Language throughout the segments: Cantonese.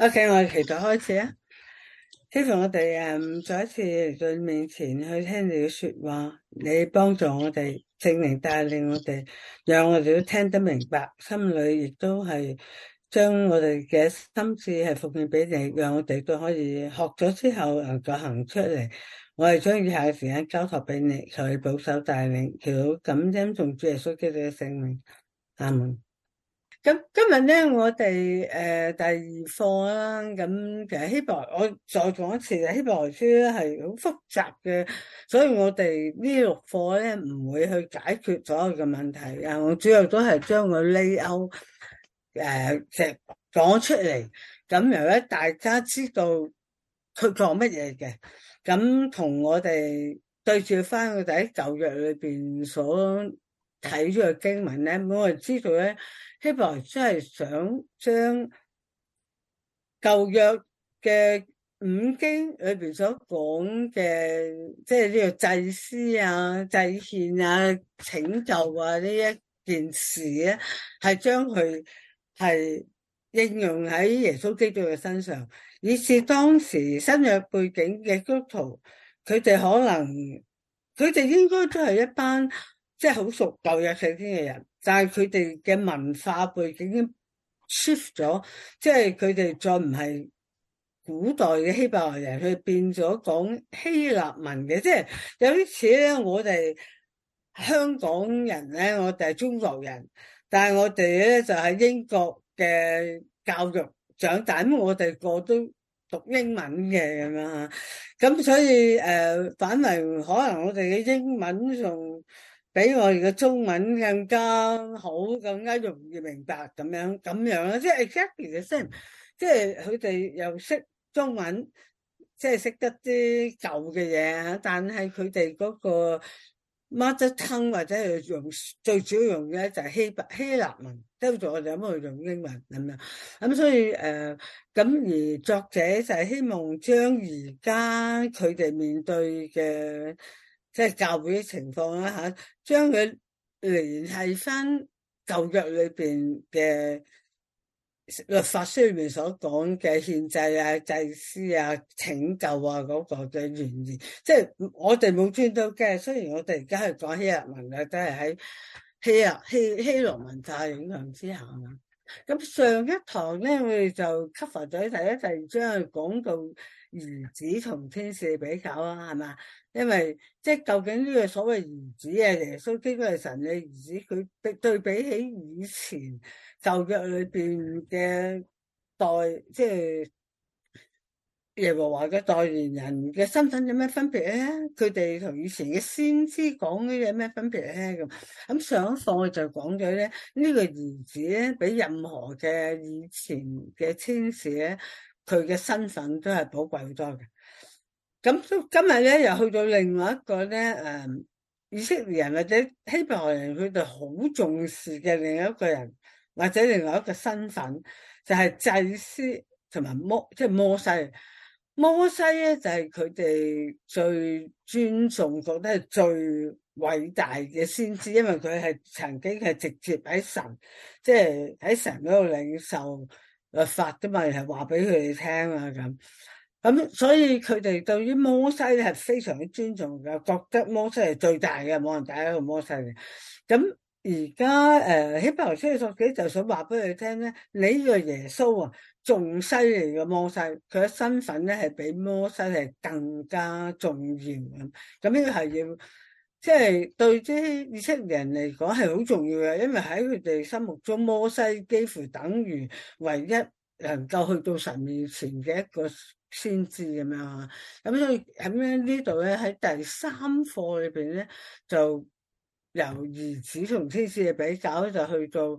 OK，我哋期待開始啊！希望我哋誒、嗯、再一次在面前去聽你嘅說話，你幫助我哋聖靈帶領我哋，讓我哋都聽得明白，心裏亦都係將我哋嘅心智係奉獻俾你，讓我哋都可以學咗之後誒再行出嚟。我哋將以下嘅時間交託俾你，求你保守帶領，求到感恩，從主耶穌基督嘅聖靈阿門。Amen. 咁今日咧，我哋誒第二課啦。咁其實希伯，我再講一次，希伯來書咧係好複雜嘅，所以我哋呢六課咧唔會去解決所有嘅問題啊。我主要都係將個 layout 誒，即係講出嚟，咁讓一大家知道佢講乜嘢嘅。咁同我哋對照翻我哋喺舊約裏邊所。睇咗經文咧，我係知道咧，希伯來真係想將舊約嘅五經裏邊所講嘅，即係呢個祭司啊、祭獻啊、拯救啊、呢一件事咧，係將佢係應用喺耶穌基督嘅身上，以至當時新約背景嘅基督徒，佢哋可能佢哋應該都係一班，即係好熟舊約聖經嘅人，但係佢哋嘅文化背景已經 shift 咗，即係佢哋再唔係古代嘅希伯來人，佢變咗講希臘文嘅。即係有啲似咧，我哋香港人咧，我哋係中國人，但係我哋咧就係英國嘅教育長大，咁我哋個都讀英文嘅咁樣吓。咁所以誒、呃，反為可能我哋嘅英文仲……比我哋嘅中文更加好，更加容易明白咁樣咁樣啦。即係 exactly same，即係佢哋又識中文，即係識得啲舊嘅嘢，但係佢哋嗰個 mother tongue 或者係用最主要用嘅就希希臘文，都仲我哋咁去用英文咁樣。咁所以誒咁而作者就係希望將而家佢哋面對嘅。即係教會嘅情況啦吓，將佢聯繫翻舊約裏邊嘅律法書裏面所講嘅獻祭、啊、祭司啊、拯救啊嗰、嗰個嘅原意，即係我哋冇穿到嘅。雖然我哋而家係講希臘文嘅，都係喺希臘希希羅文化影響之下。咁上一堂咧，我哋就 cover 仔一一齊將佢講到兒子同天使比較啊，係嘛？因為即係、就是、究竟呢個所謂兒子啊，耶穌基督係神嘅兒子，佢對比起以前舊約裏邊嘅代，即係。耶和華嘅代言人嘅身份有咩分別咧？佢哋同以前嘅先知講嘅有咩分別咧？咁咁上一課就講咗咧，這個、呢個兒子咧，比任何嘅以前嘅天使咧，佢嘅身份都係寶貴好多嘅。咁今日咧又去到另外一個咧，誒、啊、以色列人或者希伯來人，佢哋好重視嘅另一個人或者另外一個身份，就係、是、祭司同埋摩，即係摩西。摩西咧就係佢哋最尊重，覺得係最偉大嘅先知，因為佢係曾經係直接喺神，即係喺神嗰度領受律法噶嘛，係話俾佢哋聽啊咁。咁所以佢哋對於摩西係非常之尊重嘅，覺得摩西係最大嘅，冇人打得過摩西嘅。咁而家誒希伯來書嘅作者就想話俾佢哋聽咧，你呢個耶穌啊！仲犀利嘅摩西，佢嘅身份咧，係比摩西係更加重要咁。咁呢個係要，即係對啲以色列人嚟講係好重要嘅，因為喺佢哋心目中，摩西幾乎等於唯一能夠去到神面前嘅一個先知咁樣啊。咁所以喺呢度咧，喺第三課裏邊咧，就由兒子同天使嘅比較就去到。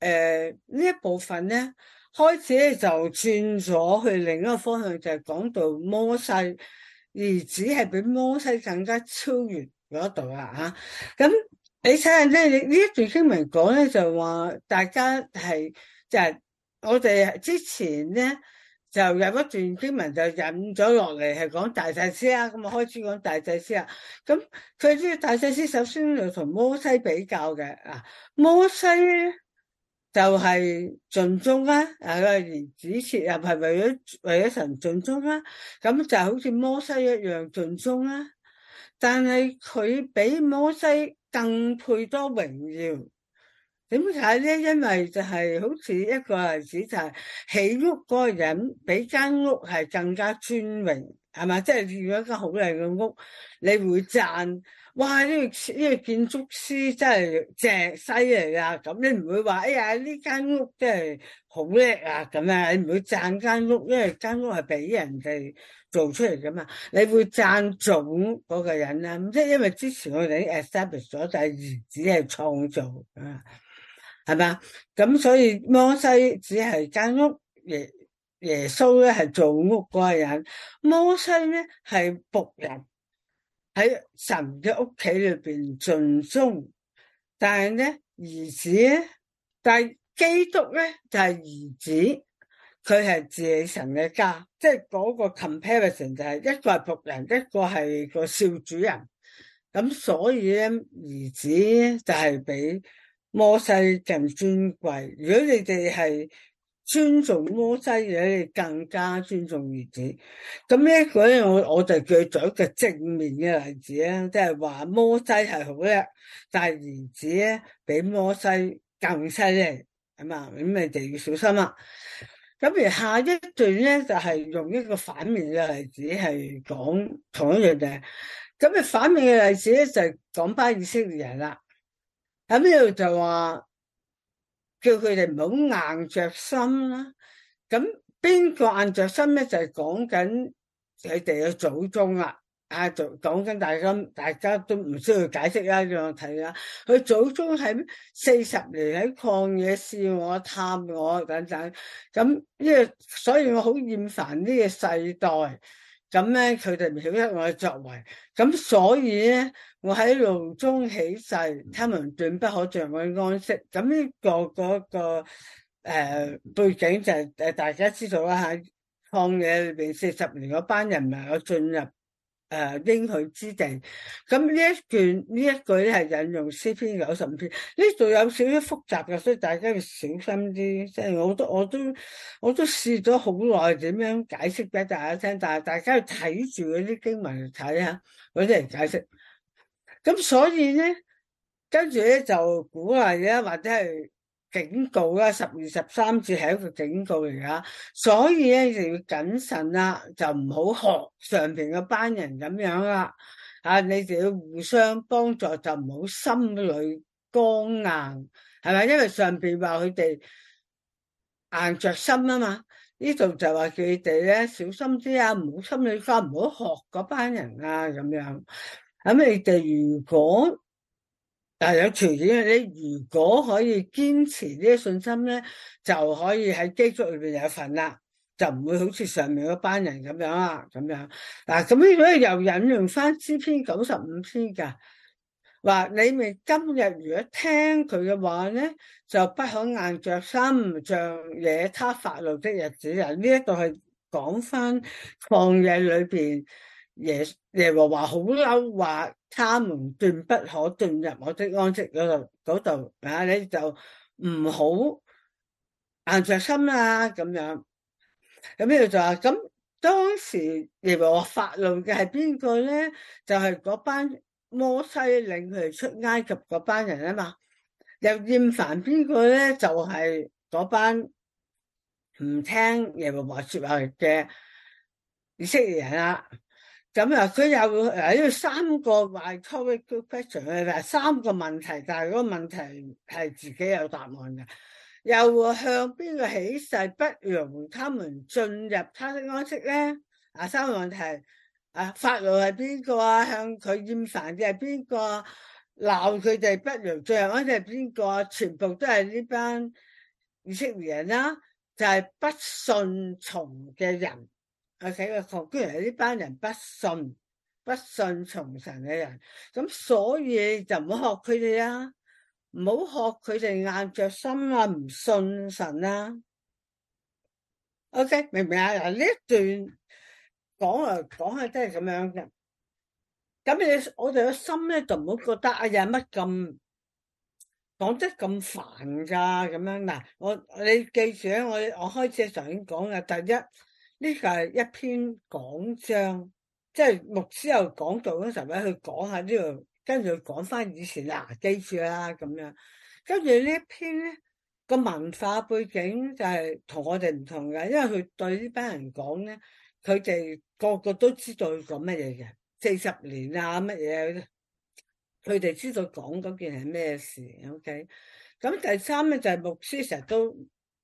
誒、呃，呢一部分咧，開始咧就轉咗去另一個方向，就係、是、講到摩西，而只係比摩西更加超越嗰度啊。吓。咁你睇下咧，呢一段經文講咧就話，大家係就係、是、我哋之前咧就有一段經文就引咗落嚟，係講大祭司啊，咁啊開始講大祭司啊。咁佢呢個大祭司首先就同摩西比較嘅啊，摩西咧。就係、是、盡忠啦、啊，啊個兒子切又係為咗為咗神盡忠啦、啊，咁就好似摩西一樣盡忠啦、啊。但係佢比摩西更配多榮耀。點解咧？因為就係好似一個例子就係、是、起屋嗰個人比間屋係更加尊榮，係咪？即係住一間好靚嘅屋，你會讚。哇！呢個呢個建築師真係正犀利啊！咁你唔會話，哎呀呢間屋真係好叻啊！咁你唔會贊間屋，因為間屋係俾人哋做出嚟噶嘛。你會贊做嗰個人啦，即係因為之前我哋 establish 咗，就係只係創造啊，係嘛？咁所以摩西只係間屋，耶耶穌咧係做屋嗰人，摩西咧係僕人。喺神嘅屋企裏邊盡忠，但係咧兒，、就是、兒子，但係基督咧就係兒子，佢係自己神嘅家，即係嗰個 comparison 就係一個僕人，一個係個少主人，咁所以咧兒子呢就係、是、比摩西更尊貴。如果你哋係。尊重摩西嘅，你更加尊重兒子。咁呢個我我就舉咗一個正面嘅例子咧，即係話摩西係好嘅，但係兒子咧比摩西更犀利，係嘛？咁你哋要小心啦。咁而下一段咧，就係、是、用一個反面嘅例子講，係講同一樣嘢。咁、那個、反面嘅例子咧就講、是、以色列人啦。咁呢度就話。叫佢哋唔好硬着心啦、啊，咁邊個硬着心咧就係講緊你哋嘅祖宗啦、啊，啊，講緊大家大家都唔需要解釋啦、啊，讓我睇啦、啊，佢祖宗喺四十年喺曠野試我、探我等等，咁因為所以我好厭煩呢個世代。咁咧，佢哋唔曉得我嘅作為，咁所以咧，我喺路中起誓，他們斷不可讓我安息。咁呢、這個嗰、那個誒、呃、背景就誒、是，大家知道啦，吓曠野裏邊四十年嗰班人唔能夠進入。誒、啊，應許之定，咁呢一段呢一句咧係引用詩篇九十五篇，呢度有少少複雜嘅，所以大家要小心啲。即、就、係、是、我都我都我都試咗好耐點樣解釋俾大家聽，但係大家要睇住嗰啲經文嚟睇下有啲人解釋。咁所以咧，跟住咧就鼓勵嘢，或者係。警告啦、啊，十二十三字係一個警告嚟噶，所以咧就要謹慎啦，就唔好學上邊嗰班人咁樣啦。啊，你哋要互相幫助，就唔好心裏剛硬，係咪？因為上邊話佢哋硬着心啊嘛，呢度就話佢哋咧小心啲啊，唔好心裏花，唔好學嗰班人啊咁樣。咁你哋如果，但有條件，你如果可以堅持呢啲信心咧，就可以喺基督裏邊有份啦，就唔會好似上面嗰班人咁樣啦咁樣嗱，咁呢所以又引用翻詩篇九十五篇噶話你咪今日如果聽佢嘅話咧，就不可硬著心，像惹他發怒的日子啊，呢一個係講翻創嘢裏邊耶耶和華好嬲話。他們斷不可進入我的安息嗰度，嗰度啊！你就唔好硬著心啦，咁樣，咁呢度就話咁當時惹我發怒嘅係邊個咧？就係嗰班摩西領佢哋出埃及嗰班人啊嘛。又厭煩邊個咧？就係嗰班唔聽耶和華說話嘅以色列人啦。咁啊，佢有誒呢三個外 call question 誒三個問題，但係嗰個問題係自己有答案嘅。又會向邊個起誓不容他們進入他的安息咧？啊，三個問題，啊，法律係邊個啊？向佢厭煩嘅係邊個鬧佢哋不容進入安息係邊個？全部都係呢班以色列人啦，啊，就係、是、不信從嘅人。我睇個確，居然係呢班人不信，不信從神嘅人，咁所以就唔好學佢哋啊，唔好學佢哋硬着心啊，唔信神啊。O K，明唔明啊？嗱，okay，呢一段講啊講啊，真係咁樣嘅。咁你我哋個心咧，就唔好覺得啊，有乜咁講得咁煩噶，咁樣嗱，我你記住咧，啊，我我開始頭先講嘅第一。呢個係一篇講章，即係牧師又講到嗰陣咧，去講下呢度，跟住佢講翻以前嗱記住啦咁樣，跟住呢一篇咧個文化背景就係同我哋唔同嘅，因為佢對呢班人講咧，佢哋個個都知道佢講乜嘢嘅，四十年啊乜嘢，佢哋知道講嗰件係咩事。OK，咁第三咧就係牧師成日都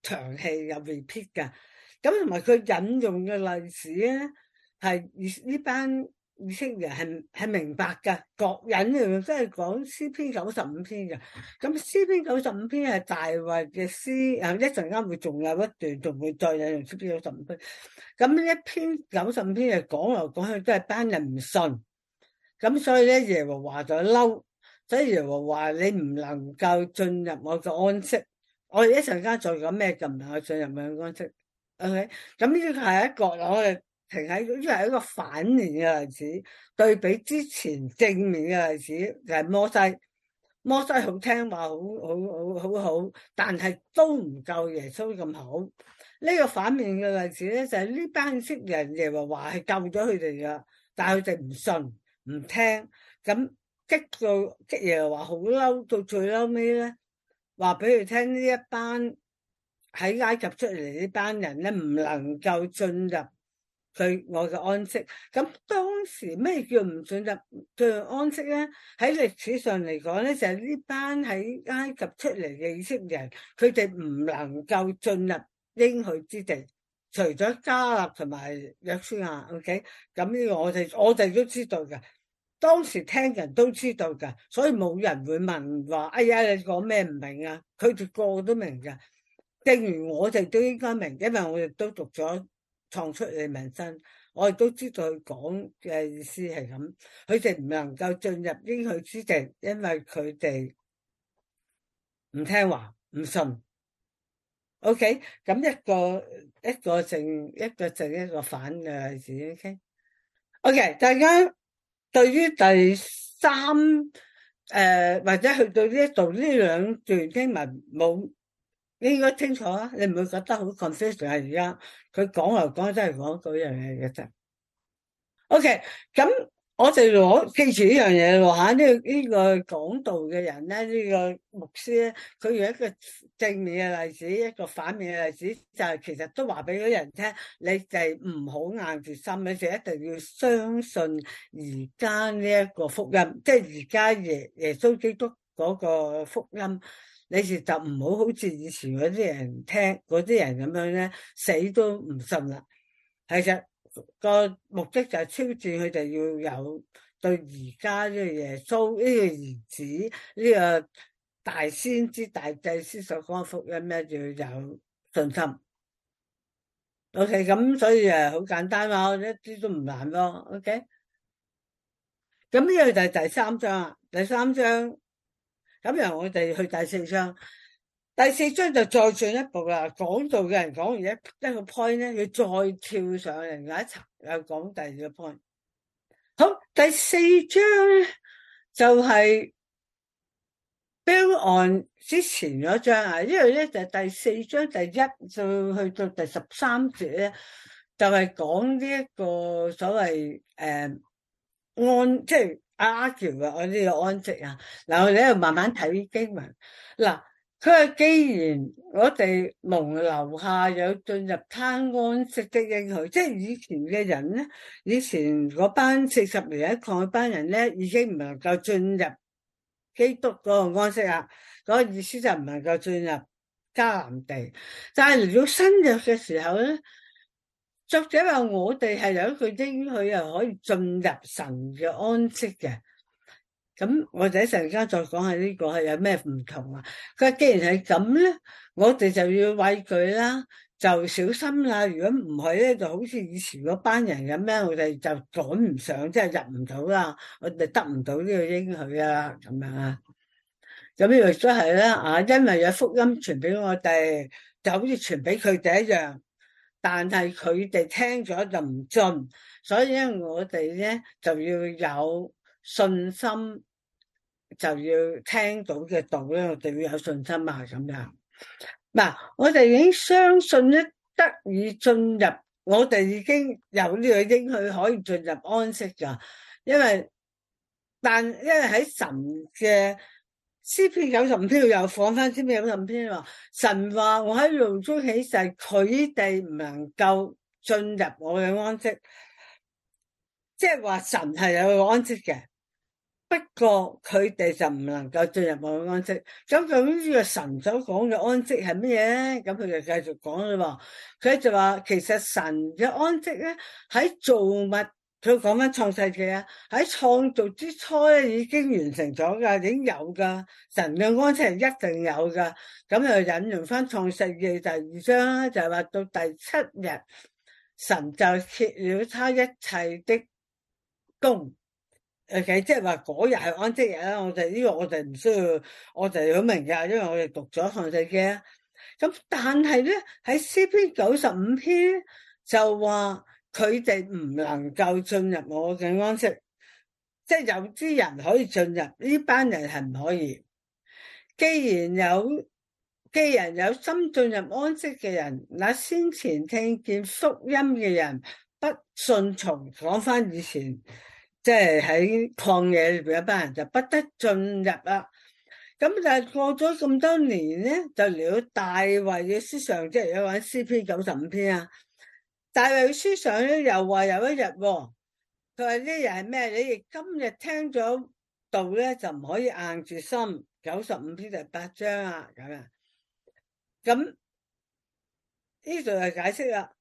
長氣又 repeat 噶。咁同埋佢引用嘅例子咧，係呢班以色列人係係明白嘅。各引用都係講詩篇九十五篇嘅。咁詩篇九十五篇係大衞嘅詩，啊一陣間會仲有一段，仲會再引用詩篇九十五篇。咁一篇九十五篇係講嚟講去都係班人唔信。咁所以咧，耶和華就嬲，所以耶和華你唔能夠進入我嘅安息。我哋一陣間再講咩就唔能夠進入我嘅安息。咁呢個係一個我哋停喺，呢個係一個反面嘅例子，對比之前正面嘅例子就係摩西，摩西好聽話，好好好好好，但係都唔夠耶穌咁好。呢個反面嘅例子咧就係呢班識人，耶穌話係救咗佢哋㗎，但係佢哋唔信，唔聽，咁激到激耶穌話好嬲，到最嬲尾咧話俾佢聽呢一班。喺埃及出嚟呢班人咧，唔能夠進入佢我嘅安息。咁當時咩叫唔進入進安息咧？喺歷史上嚟講咧，就係、是、呢班喺埃及出嚟嘅以色列人，佢哋唔能夠進入應許之地，除咗迦勒同埋約書亞、啊。O.K. 咁呢個我哋我哋都知道嘅，當時聽嘅人都知道嘅，所以冇人會問話。哎呀，你講咩唔明啊？佢哋個個都明嘅。正如我哋都應該明，因為我哋都讀咗《創出利民申》，我哋都知道佢講嘅意思係咁。佢哋唔能夠進入應許之地，因為佢哋唔聽話、唔信。OK，咁一個一個正，一個正，一個反嘅自己傾。OK，大家對於第三誒或者去到呢度呢兩段經文冇。你應該清楚啊，你唔會覺得好 confusing 啊？而家佢講嚟講去都係講嗰樣嘢嘅啫。O.K. 咁我哋如果記住呢樣嘢嘅話呢呢個講道嘅人咧，呢個牧師咧，佢用一個正面嘅例子，一個反面嘅例子，就係其實都話俾咗人聽，你就係唔好硬住心，你就一定要相信而家呢一個福音，即係而家耶耶穌基督嗰個福音。你哋就唔好好似以前嗰啲人聽嗰啲人咁樣咧，死都唔信啦。其實，個目的就係挑戰佢哋要有對而家呢個耶穌呢個兒子呢、這個大先知大祭司所講嘅福音咧，要有信心。O K，咁所以誒好簡單嘛，啊，一啲都唔難咯。O K，咁呢個就係第三章啊，第三章。咁由我哋去第四章，第四章就再上一步啦。講到嘅人講完咧，一個 point 咧，要再跳上嚟另一層，又講第二個 point。好，第四章咧就係 b 案之前嗰章啊，因為咧就第四章第一就去到第十三節咧，就係講呢一個所謂誒、uh, 案，即係。阿喬啊，我呢要安息啊。嗱，我哋喺度慢慢睇啲經文。嗱，佢係既然我哋蒙留下有進入他安息的應許，即、就、係、是、以前嘅人咧，以前嗰班四十年一抗一班人咧，已經唔能夠進入基督嗰個安息啊。嗰、那個意思就唔能夠進入迦南地，但係嚟到新約嘅時候咧。作者話我哋係有一句應許啊，可以進入神嘅安息嘅。咁我哋一陣間再講下呢個係有咩唔同啊。佢話既然係咁咧，我哋就要畏懼啦，就小心啦。如果唔係咧，就好似以前嗰班人咁樣，我哋就趕唔上，即係入唔到啦，我哋得唔到呢個應許啊，咁樣啊。咁亦都係啦啊，因為有福音傳俾我哋，就好似傳俾佢哋一樣。但係佢哋聽咗就唔進，所以咧我哋咧就要有信心，就要聽到嘅道咧我哋要有信心啊咁樣。嗱，我哋已經相信咧得以進入，我哋已經有呢個應許可以進入安息噶，因為但因為喺神嘅。詩篇九十五篇度，又放翻詩篇九十五篇話，神話我喺怒中起誓，佢哋唔能夠進入我嘅安息。即係話神係有個安息嘅，不過佢哋就唔能夠進入我嘅安息。咁究竟呢個神所講嘅安息係乜嘢？咁佢就繼續講咗話，佢就話其實神嘅安息咧喺做物。佢講翻創世記啊，喺創造之初咧已經完成咗噶，已經有噶。神嘅安息係一定有噶。咁又引用翻創世記第二章咧，就話到第七日，神就歇了他一切的工。誒，其實即係話嗰日係安息日啦。我哋呢個我哋唔需要，我哋好明噶，因為我哋讀咗創世記啊。咁但係咧喺詩篇九十五篇就話。佢哋唔能夠進入我嘅安息，即係有啲人可以進入，呢班人係唔可以。既然有既然有心進入安息嘅人，那先前聽見福音嘅人不順從，講翻以前即係喺曠野裏面一班人就不得進入啦。咁就係過咗咁多年咧，就嚟到大衛嘅思想，即係有玩 C P 九十五篇啊。大衛書上咧又話有一日，佢話呢日係咩？你哋今日聽咗道咧就唔可以硬住心，九十五篇第八章啊咁樣。咁呢度就解釋啦。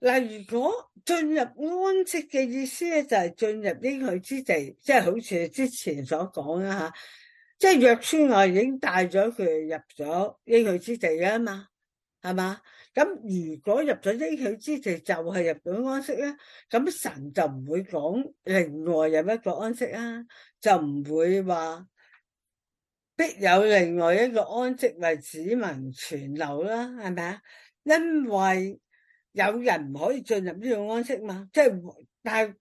嗱，如果進入安息嘅意思咧，就係進入應許之地，即係好似之前所講啦吓，即係約書亞已經帶咗佢入咗應許之地啊嘛，係嘛？咁如果入咗應許之地就係入咗安息咧，咁神就唔會講另外有一個安息啊，就唔會話必有另外一個安息為子民存留啦，係咪啊？因為有人唔可以進入呢個安息嘛，即係但係。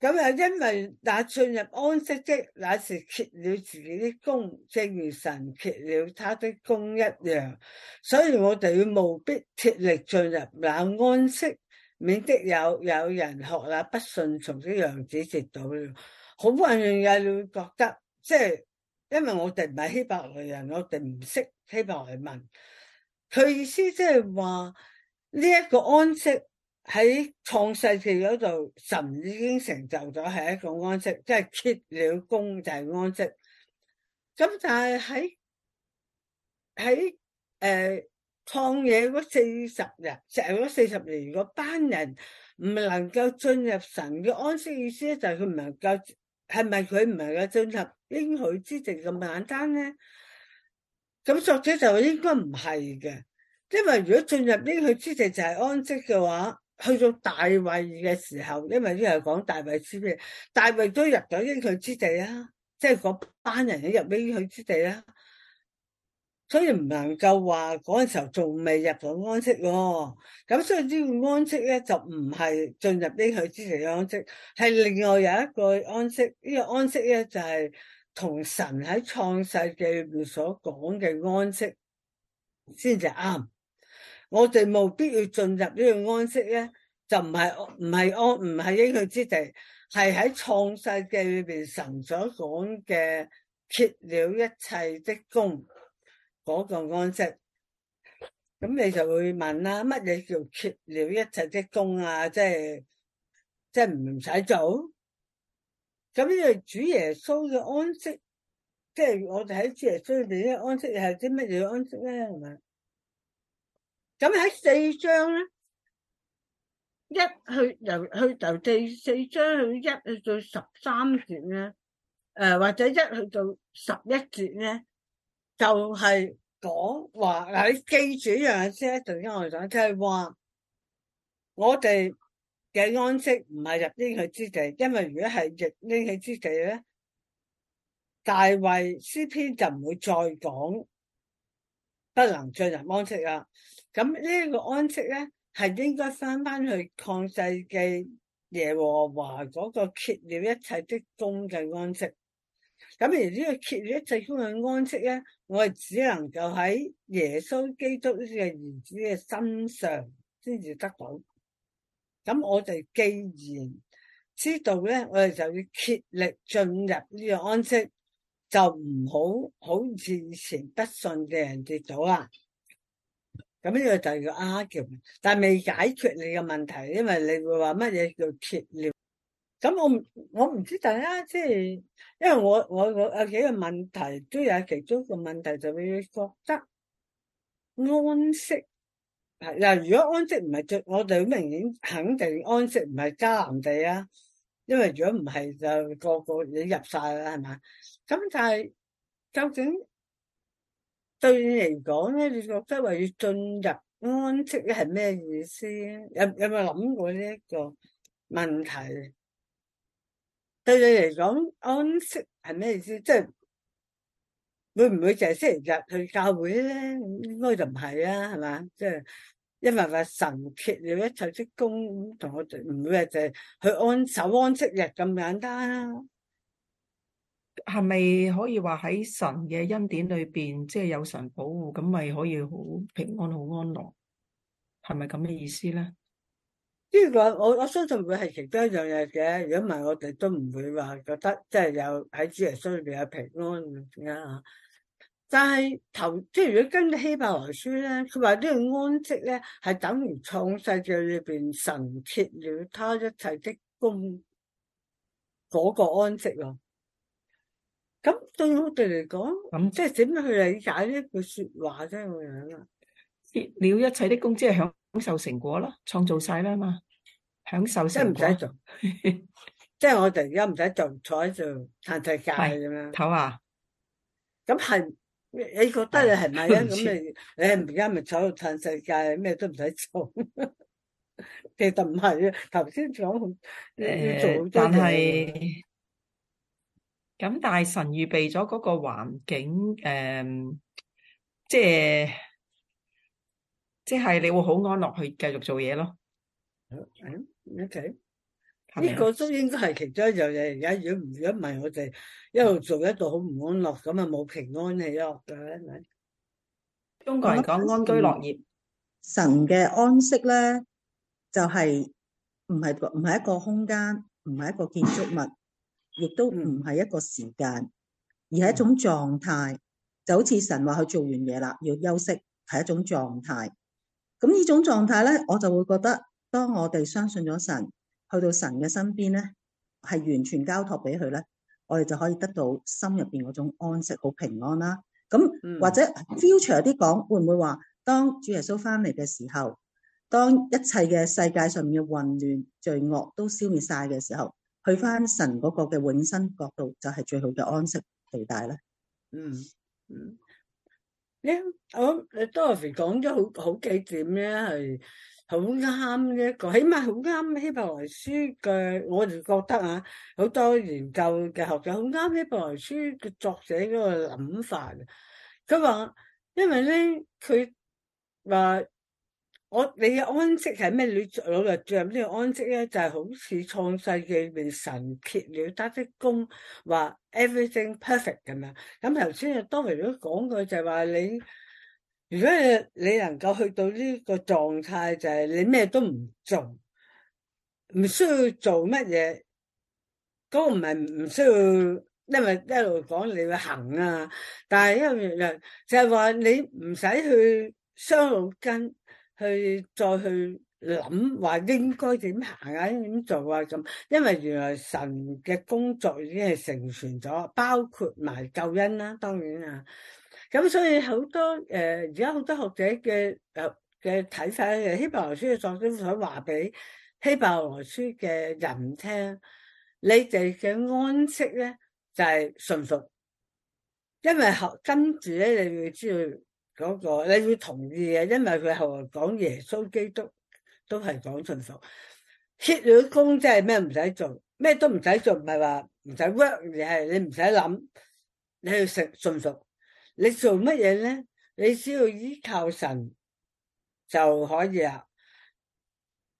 咁又因為那進入安息的，乃是揭了自己的功，正如神揭了他的功一樣，所以我哋要務必竭力進入那安息，免得有有人學那不順從的樣子跌倒了。好多人又會覺得，即係因為我哋唔係希伯來人，我哋唔識希伯來文，佢意思即係話呢一個安息。喺創世記嗰度，神已經成就咗，係一個安息，即係揭了功就係安息。咁但係喺喺誒曠野，嗰四十日，成嗰四十年，嗰班人唔能夠進入神嘅安息，意思咧就係佢唔能夠，係咪佢唔能夠進入應許之地咁簡單咧？咁作者就話應該唔係嘅，因為如果進入應許之地就係安息嘅話。去到大衛嘅時候，因為呢個係講大衛之咩？大衛都入咗應許之地啦，即係嗰班人喺入邊應許之地啦。所以唔能夠話嗰個時候仲未入咗安息咯。咁所以呢個安息咧就唔係進入應許之地嘅安息，係另外有一個安息。呢個安息咧就係同神喺創世記裏面所講嘅安息，先至啱。我哋冇必要進入呢個安息咧，就唔係唔係安唔係應許之地，係喺創世記裏邊神所講嘅歇了一切的工嗰個安息。咁你就會問啦，乜嘢叫歇了一切的工啊？即係即係唔使做。咁呢個主耶穌嘅安息，即係我哋喺主耶穌裏邊嘅安息，係啲乜嘢安息咧？係咪？咁喺四章咧，一去由去由第四章去一去到十三節咧，誒或者一去到十一節咧，就係講話嗱，你記住一樣嘢先咧，首先我想即係話，我哋嘅安息唔係入應許之地，因為如果係入應許之地咧，大衛詩篇就唔會再講。不能進入安息啦，咁呢個安息咧係應該翻翻去創世記耶和華嗰個歇了一切的工嘅安息，咁而呢個歇了一切工嘅安息咧，我哋只能夠喺耶穌基督嘅兒子嘅身上先至得到。咁我哋既然知道咧，我哋就要竭力進入呢個安息。就唔好好似以前不信嘅人跌倒啦，咁呢個就叫 argue，但係未解決你嘅問題，因為你會話乜嘢叫脫了，咁我我唔知大家即係，因為我我我有幾個問題都有其中一個問題，就會覺得安息嗱，如果安息唔係最，我哋好明顯肯定安息唔係迦南地啊。因為如果唔係就個個你入晒啦，係嘛，咁但係究竟對你嚟講咧，你覺得話要進入安息咧係咩意思咧？有有冇諗過呢一個問題？對你嚟講，安息係咩意思？即係會唔會就係星期日去教會咧？應該就唔係啊，係嘛，即係。因為話神揭了一切的功，同我哋唔會係就係去安守安息日咁簡單啦、啊。係咪可以話喺神嘅恩典裏邊，即係有神保護，咁咪可以好平安好安樂？係咪咁嘅意思咧？呢個我我相信會係其中一樣嘢嘅。如果唔係，我哋都唔會話覺得即係有喺主耶穌裏邊有平安嘅。但係頭即係如果根據希伯來書咧，佢話呢個安息咧係等於創世記裏邊神歇了他一切的工嗰個安息咯。咁對我哋嚟講，咁即係點樣去理解呢句說話啫？我哋啊，結了一切的工，即係享受成果啦，創造晒啦嘛，享受成果，即係唔使做，即係我哋而家唔使做，坐喺度嘆世界咁樣唞下。咁係。你覺得你係咪咁？你誒，而家咪坐喺度嘆世界，咩都唔使做呵呵。其實唔係，頭先講誒，做但係咁大神預備咗嗰個環境，誒、嗯，即係即係你會好安樂去繼續做嘢咯。o、okay. k 呢個都應該係其中一樣嘢。而家如果唔如果唔係我哋一路做，一路好唔安樂，咁啊，冇平安喜樂噶啦。中國人講安居樂業，神嘅安息咧就係唔係唔係一個空間，唔係一個建築物，亦都唔係一個時間，而係一種狀態。就好似神話佢做完嘢啦，要休息，係一種狀態。咁呢種狀態咧，我就會覺得，當我哋相信咗神。去到神嘅身邊咧，係完全交託俾佢咧，我哋就可以得到心入邊嗰種安息，好平安啦。咁或者 future 啲講，會唔會話當主耶穌翻嚟嘅時候，當一切嘅世界上面嘅混亂罪惡都消滅晒嘅時候，去翻神嗰個嘅永生角度，就係、是、最好嘅安息地帶咧？嗯，咧、嗯 yeah，我誒，Dorothy 講咗好好幾點咧、啊，係。好啱一個，起碼好啱希伯來書嘅。我就覺得啊，好多研究嘅學者好啱希伯來書嘅作者嗰個諗法嘅。佢話，因為咧，佢話我你嘅安息係咩？你老嚟注呢個安息咧，就係好似創世記嘅神揭了的，打啲工，話 everything perfect 咁樣。咁頭先阿多維都講過就係話你，如果你能夠去到呢個狀態，就係你咩都唔做，唔需要做乜嘢。嗰個唔係唔需要，因為一路講你要行啊。但係因為原來就係話你唔使去傷腦筋，去再去諗話應該點行啊，點做啊咁。因為原來神嘅工作已經係成全咗，包括埋救恩啦，當然啊。咁所以好多誒，而家好多學者嘅嘅睇法，希伯來書嘅作者想話俾希伯來書嘅人聽，你哋嘅安息咧就係信服，因為跟住咧你要知道嗰個，你要同意嘅，因為佢後來講耶穌基督都係講信服。hea 嘅工即係咩？唔使做，咩都唔使做，唔係話唔使 work，而係你唔使諗，你去食信服。你做乜嘢咧？你只要依靠神就可以啦。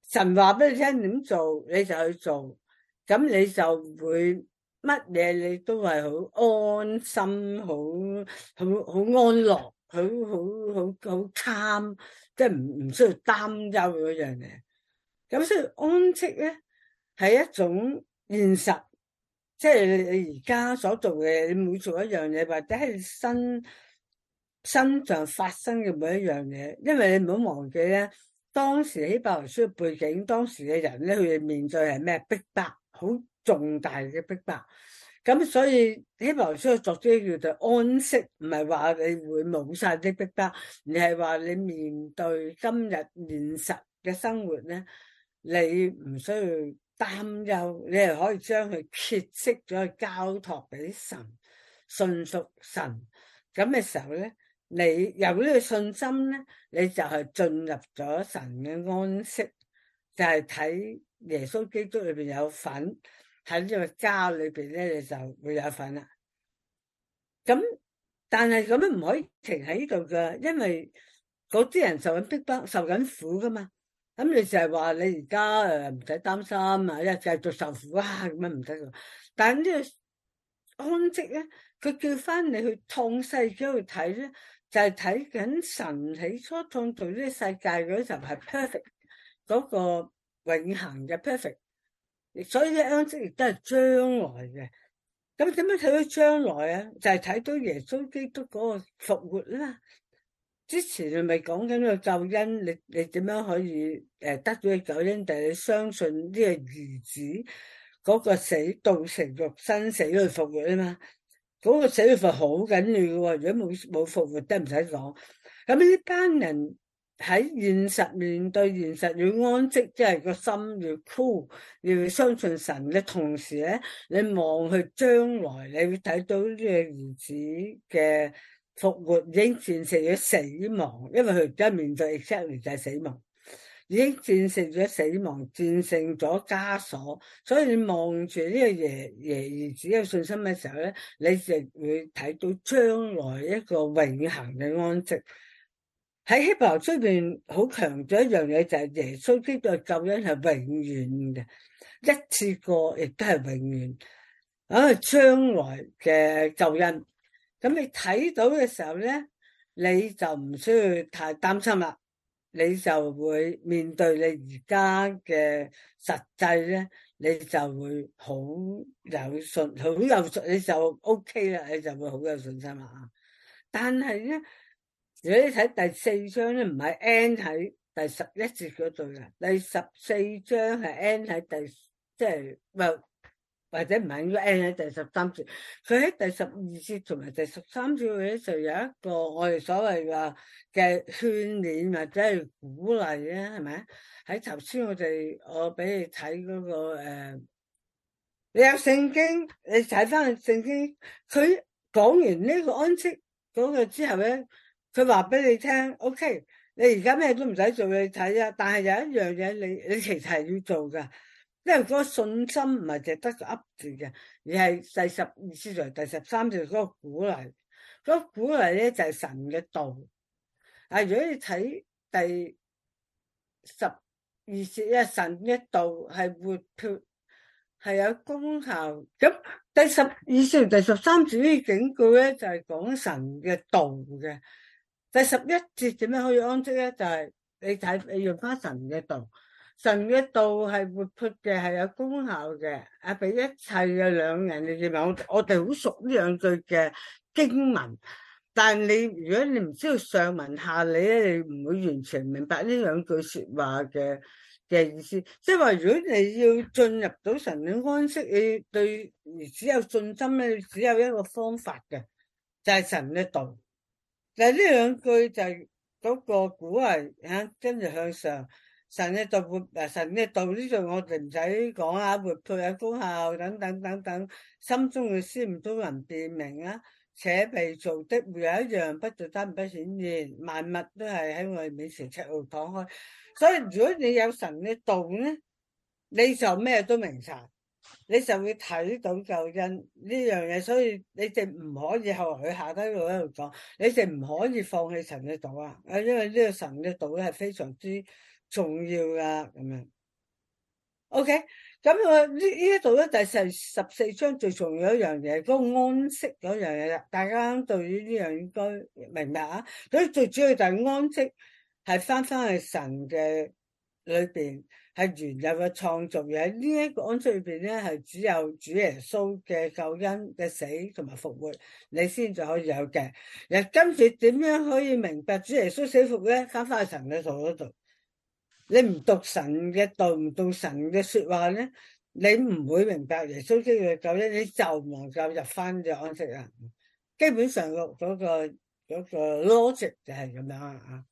神話俾你聽點做，你就去做，咁你就會乜嘢你都係好安心，好好好安樂，好好好好 calm，即係唔唔需要擔憂嗰樣嘢。咁所以安息咧，係一種現實。即係你現在，你而家所做嘅，你每做一樣嘢，或者係身，身上發生嘅每一樣嘢，因為你唔好忘記咧，當時喺希伯來書嘅背景，當時嘅人咧，佢哋面對係咩逼迫，好重大嘅逼迫，迫。咁所以希伯來書嘅作者叫做安息，唔係話你會冇晒啲逼迫，而係話你面對今日現實嘅生活咧，你唔需要。擔憂，你係可以將佢揭釋咗去，交託俾神，信屬神。咁嘅時候咧，你有呢個信心咧，你就係進入咗神嘅安息。就係、是、睇耶穌基督裏邊有份喺呢個家裏邊咧，你就會有份啦。咁，但係咁樣唔可以停喺呢度噶，因為嗰啲人受緊逼迫，受緊苦噶嘛。咁你就係話你而家誒唔使擔心啊，一繼續受苦啊咁樣唔得嘅。但係呢安息咧，佢叫翻你去創世紀去睇咧，就係睇緊神起初創造呢世界嗰時候係 perfect 嗰個永恆嘅 perfect。所以啲安息亦都係將來嘅。咁點樣睇到將來啊？就係、是、睇到耶穌基督嗰個復活啦。之前你咪講緊個救恩，你你點樣可以誒得到嘅救恩？就係你相信呢個兒子嗰，那個死道成肉身死去復活啊嘛，嗰，那個死復活好緊要嘅，如果冇冇復活都唔使講。咁呢班人喺現實面對現實要安息，即、就、係、是、個心越枯，你越相信神嘅同時咧，你望佢將來你會睇到呢個兒子嘅。復活已經戰勝咗死亡，因為佢而家面對，l y、exactly、就係死亡，已經戰勝咗死亡，戰勝咗枷鎖。所以你望住呢個耶耶子有信心嘅時候咧，你就會睇到將來一個永恆嘅安息。喺希伯來書邊好強調一樣嘢，就係耶穌呢個救恩係永遠嘅，一次過亦都係永遠啊！將來嘅救恩。咁你睇到嘅時候咧，你就唔需要太擔心啦，你就會面對你而家嘅實際咧，你就會好有信，好有信心你就 OK 啦，你就會好有信心啦，但係咧，如果你睇第四章咧，唔係 end 喺第十一節嗰度嘅，第十四章係 end 喺第即係或者唔係要 end 喺第十三節，佢喺第十二節同埋第十三節嗰啲就有一個我哋所謂嘅嘅勸勉啊，或者係鼓勵咧，係咪？喺頭先我哋我俾你睇嗰個誒，你有聖經，你睇翻聖經，佢講完呢個安息嗰個之後咧，佢話俾你聽，OK，你而家咩都唔使做，你睇啊，但係有一樣嘢你你其實係要做噶。因為嗰個信心唔係淨係得個噏字嘅，而係第十二節同第十三節嗰個鼓勵。嗰個鼓勵咧，就係神嘅道。啊，如果你睇第十二節，啊神嘅道係活潑，係有功效。咁第十二節第十三節呢啲警句咧，就係講神嘅道嘅。第十一節點樣可以安息咧？就係、是、你睇你用翻神嘅道。神嘅道係活潑嘅，係有功效嘅。啊，比一切嘅兩人你説話，我我哋好熟呢兩句嘅經文。但係你如果你唔知道上文下理咧，你唔會完全明白呢兩句說話嘅嘅意思。即係話，如果你要進入到神嘅安息，你對你只有信心咧，你只有一個方法嘅，就係、是、神嘅道。就係呢兩句就嗰個股係向跟住向上。神嘅道，誒，神嘅道呢，就我哋唔使講啊，活潑啊，功效等等等等，心中嘅思唔都能辨明啊，且被造的每一樣，不造單不顯現，萬物都係喺我面前赤露敞開。所以如果你有神嘅道咧，你就咩都明晒，你就會睇到救恩呢樣嘢。所以你哋唔可以後來去下低度喺度講，你哋唔可以放棄神嘅道啊！誒，因為呢個神嘅道咧係非常之。重要噶咁、okay? 樣，OK，咁我呢呢一度咧，第十十四章最重要一樣嘢，嗰、嗰個安息嗰樣嘢，大家對於呢樣應該明白啊。所以最主要就係安息係返返去神嘅裏邊，係原有嘅創造。嘅。呢一個安息裏邊咧，係只有主耶穌嘅救恩嘅死同埋復活，你先至可以有嘅。而今次點樣可以明白主耶穌死復呢？咧？返去神嘅所嗰度。你唔讀神嘅道，唔讀神嘅說話咧，你唔會明白耶穌基督就你就唔能夠入翻嘅安息啊！基本上嗰、那、咗個，咗、那個邏輯、那個、就係咁樣啊！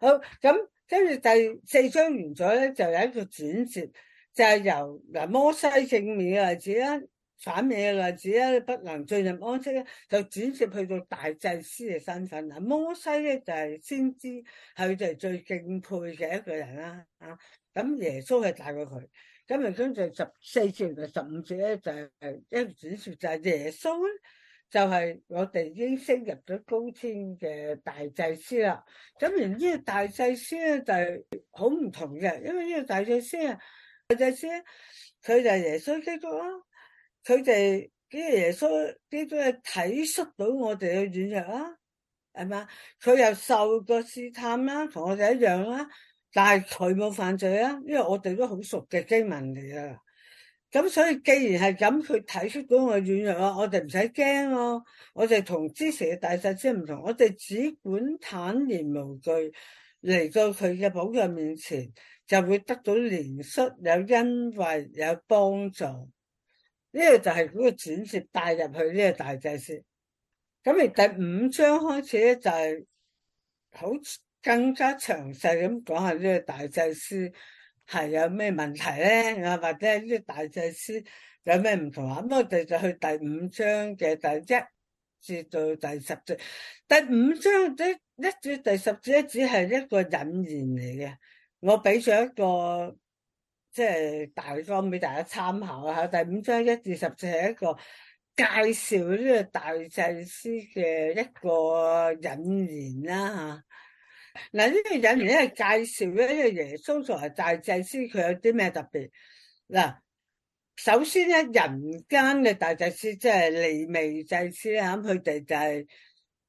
好咁，跟住第四章完咗咧，就有一個轉折，就係、是、由嗱摩西正面嘅例子啦。反面嘅例子咧，不能進入安息咧，就轉接去到大祭司嘅身份啦。摩西咧就係先知，係我哋最敬佩嘅一個人啦。啊，咁、就是、耶穌係大過佢，咁啊，跟住十四節同十五節咧就係誒，一個轉接就係耶穌咧，就係我哋已經升入咗高天嘅大祭司啦。咁然呢後大祭司咧就係好唔同嘅，因為呢個大祭司啊，大祭司佢就係耶穌基督啦。佢哋啲耶穌基督係體恤到我哋嘅軟弱啦、啊，係嘛？佢又受過試探啦、啊，同我哋一樣啦、啊。但係佢冇犯罪啊，因為我哋都好熟嘅經文嚟㗎啦。咁所以既然係咁，佢體恤到我軟弱啊，我哋唔使驚囉。我哋同之前嘅大祭司唔同，我哋只管坦然無懼嚟到佢嘅寶座面前，就會得到憐恤、有恩惠、有幫助。呢、這個就係嗰個轉折帶入去呢個大祭司。咁而第五章開始咧就係好更加詳細咁講下呢個大祭司係有咩問題咧，啊或者呢個大祭司有咩唔同啊？咁我哋就去第五章嘅第一至到第十節，第五章的一至第十節咧只係一個引言嚟嘅，我俾咗一個。即、就、係、大方俾大家參考下，第五章一至十四係一個介紹呢個大祭司嘅一個引言啦嚇。嗱呢個引言咧係介紹咧，呢個耶穌作為大祭司佢有啲咩特別嗱？首先咧，人間嘅大祭司即係利未祭司咧，咁佢哋就係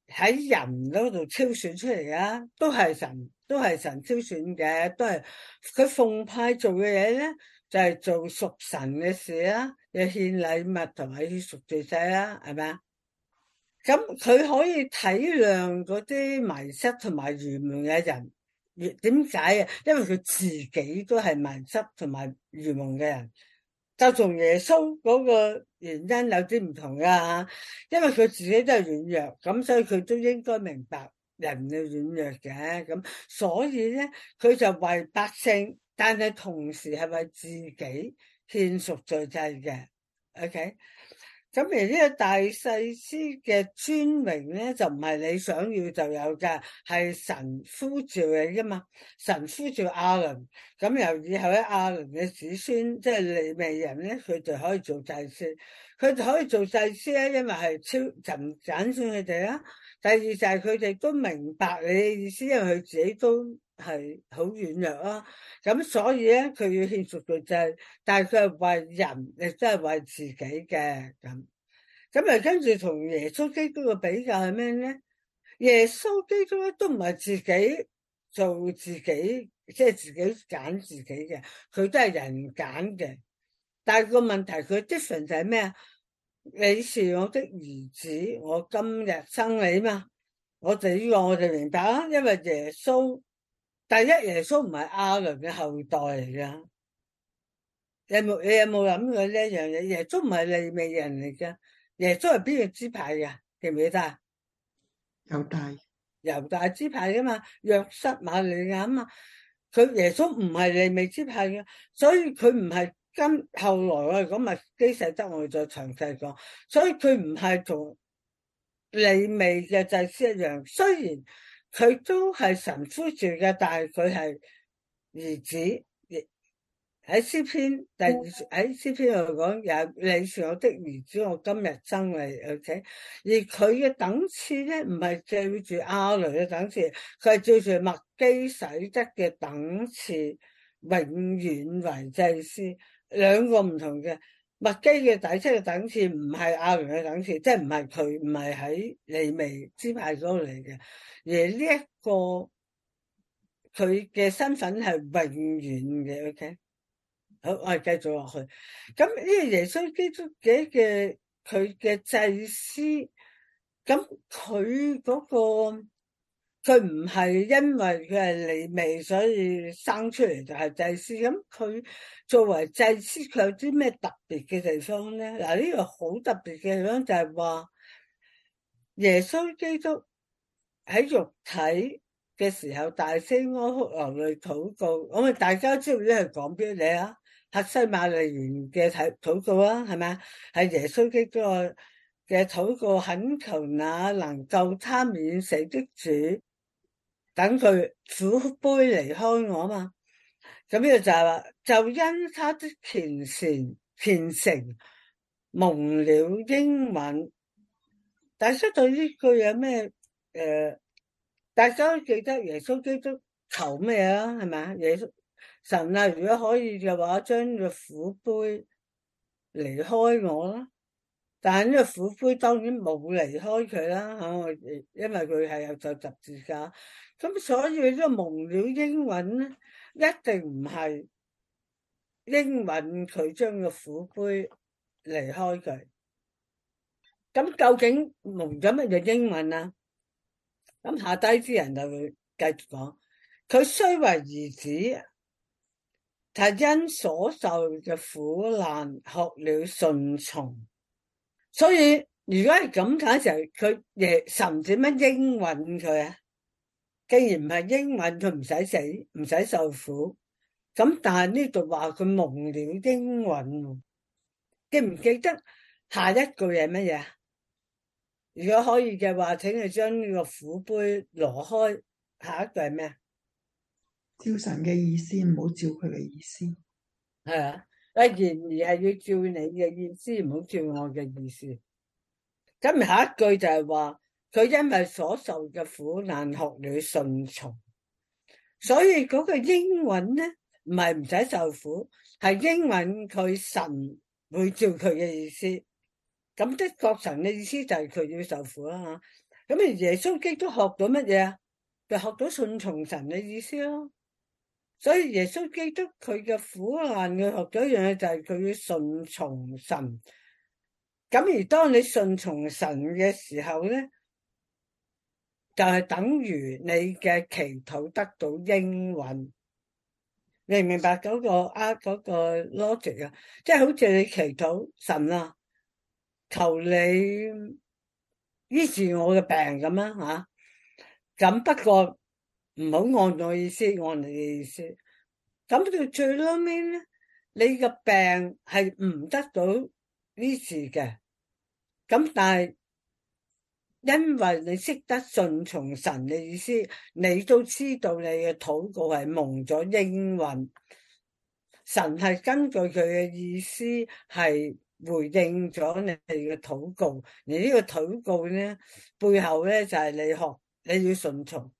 喺人嗰度挑選出嚟啊，都係神。都係神挑選嘅，都係佢奉派做嘅嘢咧，就係做屬神嘅事啦，又獻禮物同埋要贖罪者啦，係咪啊？咁佢可以體諒嗰啲迷失同埋愚蒙嘅人，點解啊？因為佢自己都係迷失同埋愚蒙嘅人，就同耶穌嗰個原因有啲唔同噶吓，因為佢自己都係軟弱，咁所以佢都應該明白。人嘅軟弱嘅，咁，所以咧佢就為百姓，但係同時係為自己獻贖罪祭嘅。OK，咁而呢個大祭司嘅尊榮咧，就唔係你想要就有嘅，係神呼召你噶嘛？神呼召亞倫，咁由以後咧亞倫嘅子孫，即係利未人咧，佢就可以做祭司，佢就可以做祭司咧，因為係超唔揀選佢哋啦。第二就係佢哋都明白你嘅意思，因為佢自己都係好軟弱啦、啊，咁所以咧佢要獻贖罪祭，但係佢係為人亦都係為自己嘅，咁，咁啊跟住同耶穌基督嘅比較係咩咧？耶穌基督咧都唔係自己做自己，即係自己揀自己嘅，佢都係人揀嘅，但係個問題佢的神就係咩啊？你是我的兒子，我今日生你嘛？我哋呢個，我哋明白啦。因為耶穌第一，耶穌唔係阿倫嘅後代嚟噶。你冇你有冇諗過呢一樣嘢？耶穌唔係利未人嚟噶，耶穌係邊個支派嘅，明唔明白？猶大，猶大支派噶嘛？約瑟馬利亞嘛？佢耶穌唔係利未支派嘅，所以佢唔係。咁後來我哋講麥基洗德，我哋再詳細講。所以佢唔係同利未嘅祭司一樣，雖然佢都係神夫住嘅，但係佢係兒子。喺詩篇第二，喺詩篇嚟講，有「你是我的兒子，我今日生你。」OK，而佢嘅等次咧，唔係照住亞倫嘅等次，佢係照住麥基洗德嘅等次，永遠為祭司。兩個唔同嘅，麥基洗德嘅等次，唔係亞倫嘅等次，即係唔係佢唔係喺利未支派所嚟嘅，而呢、這、一個佢嘅身份係永遠嘅。O、okay? K，好，我哋繼續落去。咁呢個耶穌基督嘅佢嘅祭司，咁佢嗰個。佢唔係因為佢係利未，所以生出嚟就係祭司。咁佢作為祭司，佢有啲咩特別嘅地方咧？嗱，呢個好特別嘅地方就係話，耶穌基督喺肉體嘅時候，大聲哀哭流淚禱告。我哋大家都知唔知係講畀你啊？客西馬尼園嘅禱告啊，係咪啊？係耶穌基督嘅禱告，懇求那能夠他免死的主。等佢苦杯離開我嘛？咁呢個就係話，就因他的虔誠，虔誠蒙了應允。大家對於呢句有咩誒？大家都記得耶穌基督求咩啊？係咪啊？耶穌神啊，如果可以嘅話，將個苦杯離開我啦。但係呢個苦杯當然冇離開佢啦，啊、因為佢係有就十字架。咁所以都蒙了英文咧，一定唔係英文佢將個苦杯離開佢。咁究竟蒙咗乜嘢英文啊？咁下低啲人就會繼續講，佢雖為兒子，但因所受嘅苦難，學了順從。所以如果係咁解嘅時候，佢亦甚至乜英文佢啊？既然唔係英文，佢唔使死，唔使受苦。咁但係呢度話佢蒙了英文，記唔記得下一句係乜嘢？如果可以嘅話，請你將呢個苦杯挪開。下一句係咩啊？照神嘅意思，唔好照佢嘅意思。係啊，不然而係要照你嘅意思，唔好照我嘅意思。咁下一句就係話。佢因為所受嘅苦難學嚟順從，所以嗰個英文咧唔係唔使受苦，係英文佢神會照佢嘅意思。咁的確神嘅意思就係佢要受苦啦吓。咁而耶穌基督學到乜嘢啊？就學到順從神嘅意思咯。所以耶穌基督佢嘅苦難，佢學咗一樣嘢，就係、是、佢要順從神。咁而當你順從神嘅時候咧，就係等於你嘅祈禱得到應允，明唔明白嗰個啊嗰個 logic 啊？即係好似你祈禱神啦，求你醫治我嘅病咁啦嚇。咁不過唔好按我意思，按你嘅意思。咁到最撈尾咧，你嘅病係唔得到醫治嘅。咁但係。因為你識得順從神嘅意思，你都知道你嘅禱告係蒙咗應允。神係根據佢嘅意思係回應咗你嘅禱告。而這個告呢個禱告咧背後咧就係你學你要順從。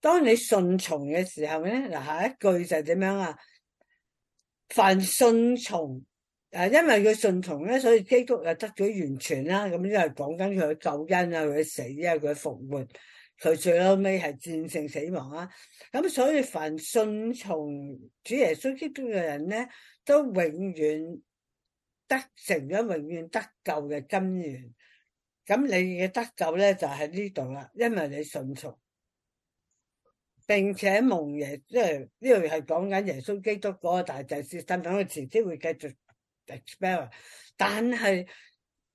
當你順從嘅時候咧，嗱下一句就係點樣啊？凡順從。誒，因為佢順從咧，所以基督就得咗完全啦。咁因為講緊佢嘅救恩啊，佢死，因為佢復活，佢最後尾係戰勝死亡啦。咁所以凡順從主耶穌基督嘅人咧，都永遠得成咗，永遠得救嘅根源。咁你嘅得救咧就喺呢度啦，因為你順從，並且蒙耶，即係呢度係講緊耶穌基督嗰個大祭司身份，我遲啲會繼續。e x p e r 但係呢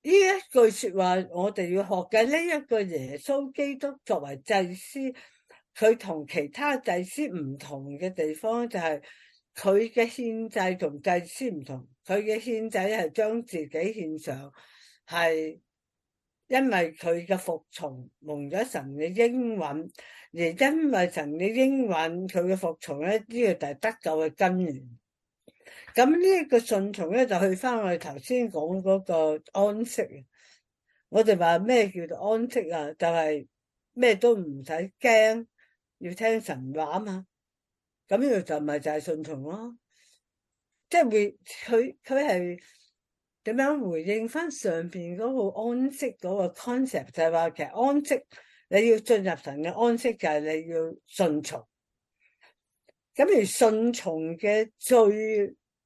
一句說話，我哋要學嘅呢一個耶穌基督作為祭司，佢同其他祭司唔同嘅地方就係佢嘅獻祭同祭司唔同，佢嘅獻祭係將自己獻上，係因為佢嘅服從蒙咗神嘅英允，而因為神嘅英允，佢嘅服從咧呢條就係得救嘅根源。咁呢個順從咧，就去翻我哋頭先講嗰個安息。我哋話咩叫做安息啊？就係、是、咩都唔使驚，要聽神話嘛。咁呢樣就咪就係順從咯。即係會，佢佢係點樣回應翻上邊嗰個安息嗰個 concept？就係話其實安息，你要進入神嘅安息，就係你要順從。咁而順從嘅最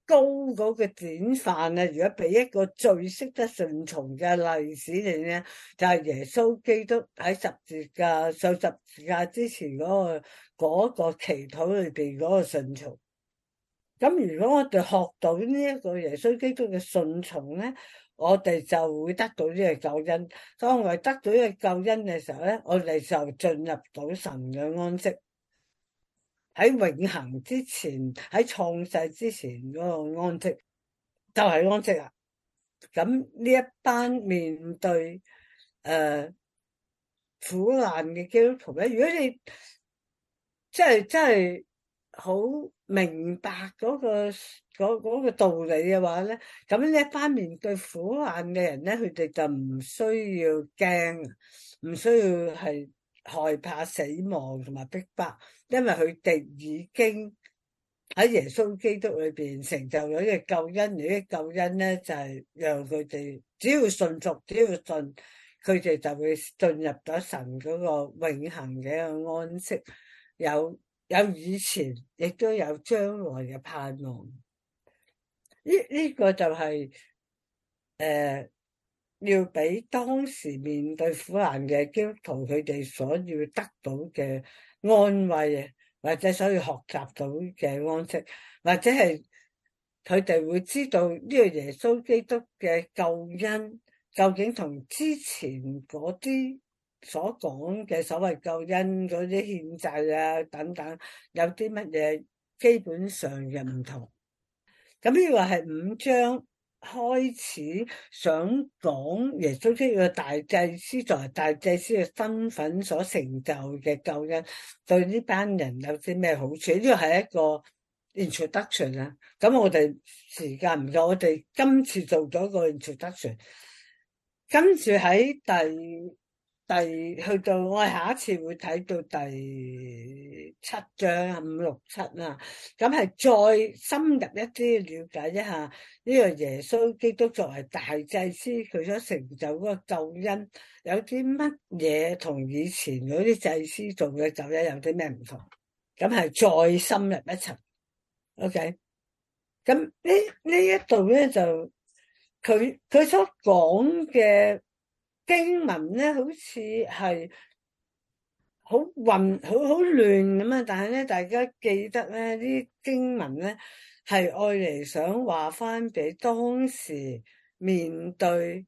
高嗰個典範啊！如果俾一個最識得順從嘅例子嚟咧，就係耶穌基督喺十字架上十字架之前嗰個嗰個祈禱裏面嗰個順從。咁如果我哋學到呢一個耶穌基督嘅順從咧，我哋就會得到呢個救恩。當我哋得到呢個救恩嘅時候咧，我哋就進入到神嘅安息。喺永恒之前，喺創世之前嗰個安息，就係安息啊！咁呢一班面對誒、呃、苦難嘅基督徒咧，如果你真係真係好明白嗰個嗰、嗰個道理嘅話咧，咁呢一班面對苦難嘅人咧，佢哋就唔需要驚，唔需要係。害怕死亡同埋逼迫，因為佢哋已經喺耶穌基督裏邊成就咗一個救恩，而啲救恩咧就係、是、讓佢哋只要信足，只要信，佢哋就會進入咗神嗰個永恒嘅安息，有有以前，亦都有將來嘅盼望。呢呢、這個就係、是、誒。呃要俾當時面對苦難嘅基督徒佢哋所要得到嘅安慰，或者所要學習到嘅安，安息，或者係佢哋會知道呢個耶穌基督嘅救恩究竟同之前嗰啲所講嘅所謂救恩嗰啲欠債啊等等，有啲乜嘢基本上嘅唔同。咁呢個係五章。開始想講耶穌基督嘅大祭司，作為大祭司嘅身份所成就嘅救恩，對呢班人有啲咩好處？呢個係一個 introduction 啊。咁我哋時間唔夠，我哋今次做咗一個 introduction，今次喺第。第去到我哋下一次會睇到第七章五六七啦，咁係再深入一啲了解一下呢個耶穌基督作為大祭司佢所成就嗰個救恩，有啲乜嘢同以前嗰啲祭司做嘅救恩有啲咩唔同？咁係再深入一層。O K，咁呢呢一度咧就佢佢所講嘅。經文咧，好似係好混，好好亂咁啊！但係咧，大家記得咧，啲經文咧係愛嚟想話翻俾當時面對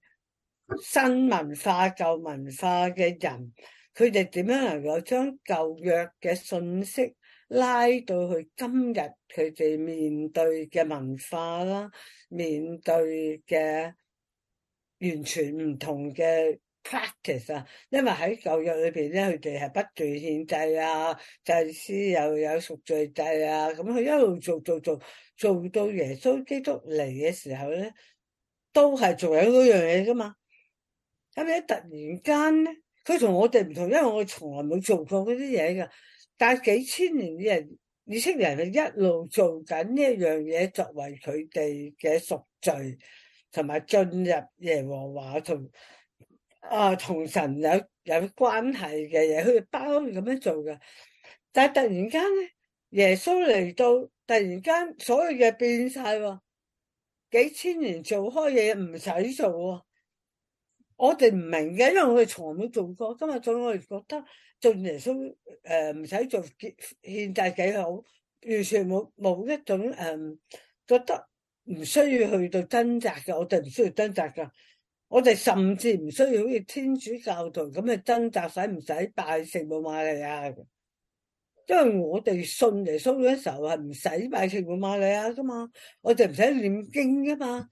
新文化、舊文化嘅人，佢哋點樣能夠將舊約嘅信息拉到去今日佢哋面對嘅文化啦，面對嘅。完全唔同嘅 practice 啊！因為喺舊約裏邊咧，佢哋係不斷獻祭啊，祭司又有贖罪祭啊，咁佢一路做做做做到耶穌基督嚟嘅時候咧，都係做緊嗰樣嘢噶嘛。咁樣突然間咧，佢同我哋唔同，因為我從來冇做過嗰啲嘢噶。但係幾千年嘅以色列人係一路做緊呢一樣嘢作為佢哋嘅贖罪。同埋進入耶和華同啊同神有有關係嘅嘢，佢包咁樣做嘅。但係突然間咧，耶穌嚟到，突然間所有嘢變晒，幾千年做開嘢唔使做喎。我哋唔明嘅，因為我哋從來都做過。今日做我哋覺得做耶穌誒唔使做獻祭幾好，完全冇冇一種誒覺得。唔需要去到掙扎噶，我哋唔需要掙扎噶。我哋甚至唔需要好似天主教徒咁去掙扎，使唔使拜聖母瑪利亞？因為我哋信耶穌嘅時候係唔使拜聖母瑪利亞噶嘛，我哋唔使念經噶嘛，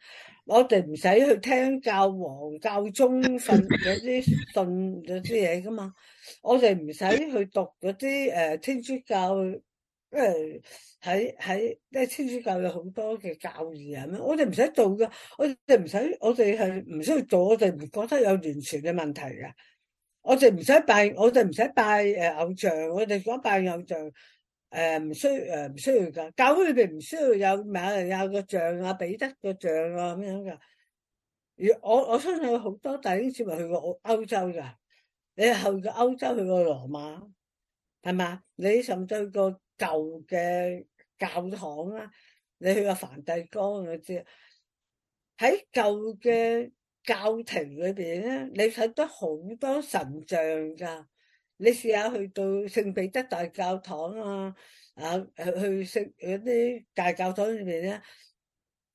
我哋唔使去聽教皇、教宗訓嗰啲信嗰啲嘢噶嘛，我哋唔使去讀嗰啲誒天主教。因為喺喺即係天主教有好多嘅教義啊，咩我哋唔使做噶，我哋唔使，我哋係唔需要做，我哋唔覺得有完全嘅問題噶。我哋唔使拜，我哋唔使拜誒偶像，我哋講拜偶像誒唔需誒唔需要噶。教會佢哋唔需要有馬利亞個像啊，彼得嘅像啊咁樣噶。而我我相信好多，弟兄姊妹去過歐洲噶，你后嘅歐洲去過羅馬，係嘛？你甚至個。舊嘅教堂啦，你去個梵蒂岡你知啊，喺舊嘅教廷裏邊咧，你睇得好多神像噶。你試下去到聖彼得大教堂啊，啊去去聖嗰啲大教堂裏邊咧，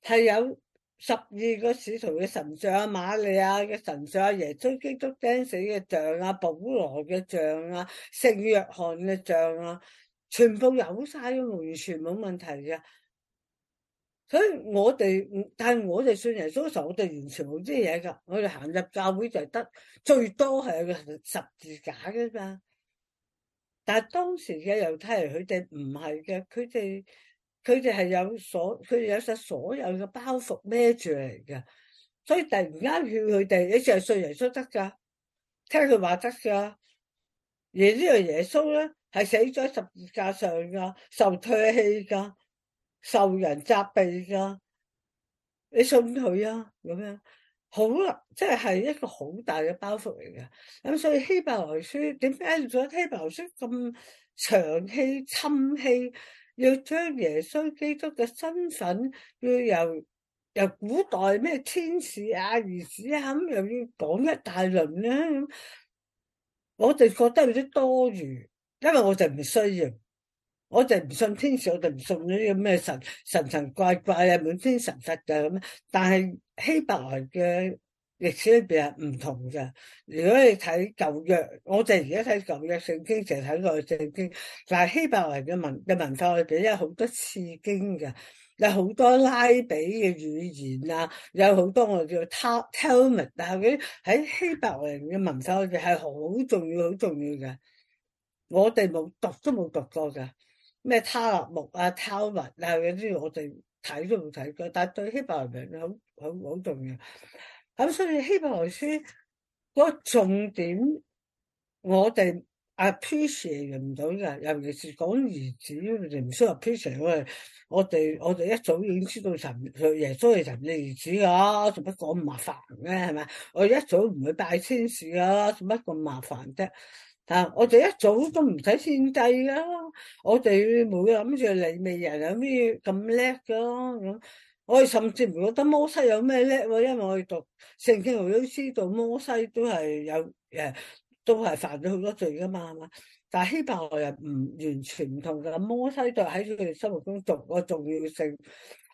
係有十二個使徒嘅神像，阿瑪利亞嘅神像，耶穌基督釘死嘅像啊，保羅嘅像啊，聖約翰嘅像啊。全部有晒咯，完全冇問題嘅。所以我哋，但係我哋信耶穌嘅時候，我哋完全冇啲嘢噶我哋行入教會就得，最多係十字架噶嘛但係當時嘅猶太人，佢哋唔係嘅，佢哋佢哋係有所，佢哋有晒所有嘅包袱孭住嚟嘅。所以突然間勸佢哋，你只係信耶穌得噶，聽佢話得噶，而呢個耶穌咧，係死咗十字架上噶，受唾棄噶，受人責備噶，你信佢啊？咁樣好啦，即係一個好大嘅包袱嚟嘅。咁所以希伯來書點解做咗希伯來書咁長氣、侵氣，要將耶穌基督嘅身份，要由由古代咩天使啊、兒子啊，咁又要講一大輪咧？我哋覺得有啲多餘。因為我就唔需要，我就唔信天使，我就唔信呢啲咩神神神怪怪啊，滿天神佛啊咁。但係希伯來嘅歷史裏邊係唔同嘅。如果你睇舊約，我哋而家睇舊約聖經，成日睇過聖經。但係希伯來嘅文嘅文化裏邊，有好多次經嘅，有好多拉比嘅語言啊，有好多我哋叫 Talmud 嘅。但係佢喺希伯來嘅文化裏邊係好重要、好重要嘅。我哋冇讀都冇讀過噶，咩《塔納木》啊《塔文》啊嗰啲，我哋睇都冇睇過。但係對希伯來文好好好重要。咁所以希伯來書嗰、那個重點，我哋 appreciate 唔到噶，尤其是講兒子，你哋唔需要 appreciate 啊。我哋我哋一早已經知道神，耶穌係神嘅兒子噶，做乜咁麻煩嘅係咪？我一早唔會拜天使啊，做乜咁麻煩啫？啊！我哋一早都唔使先計噶，我哋冇諗住你未人有咩咁叻噶咁。我哋甚至唔覺得摩西有咩叻，因為我哋讀聖經，我都知道摩西都係有誒，都係犯咗好多罪噶嘛。但係希伯來人唔完全唔同噶，摩西就喺佢哋生活中重個重要性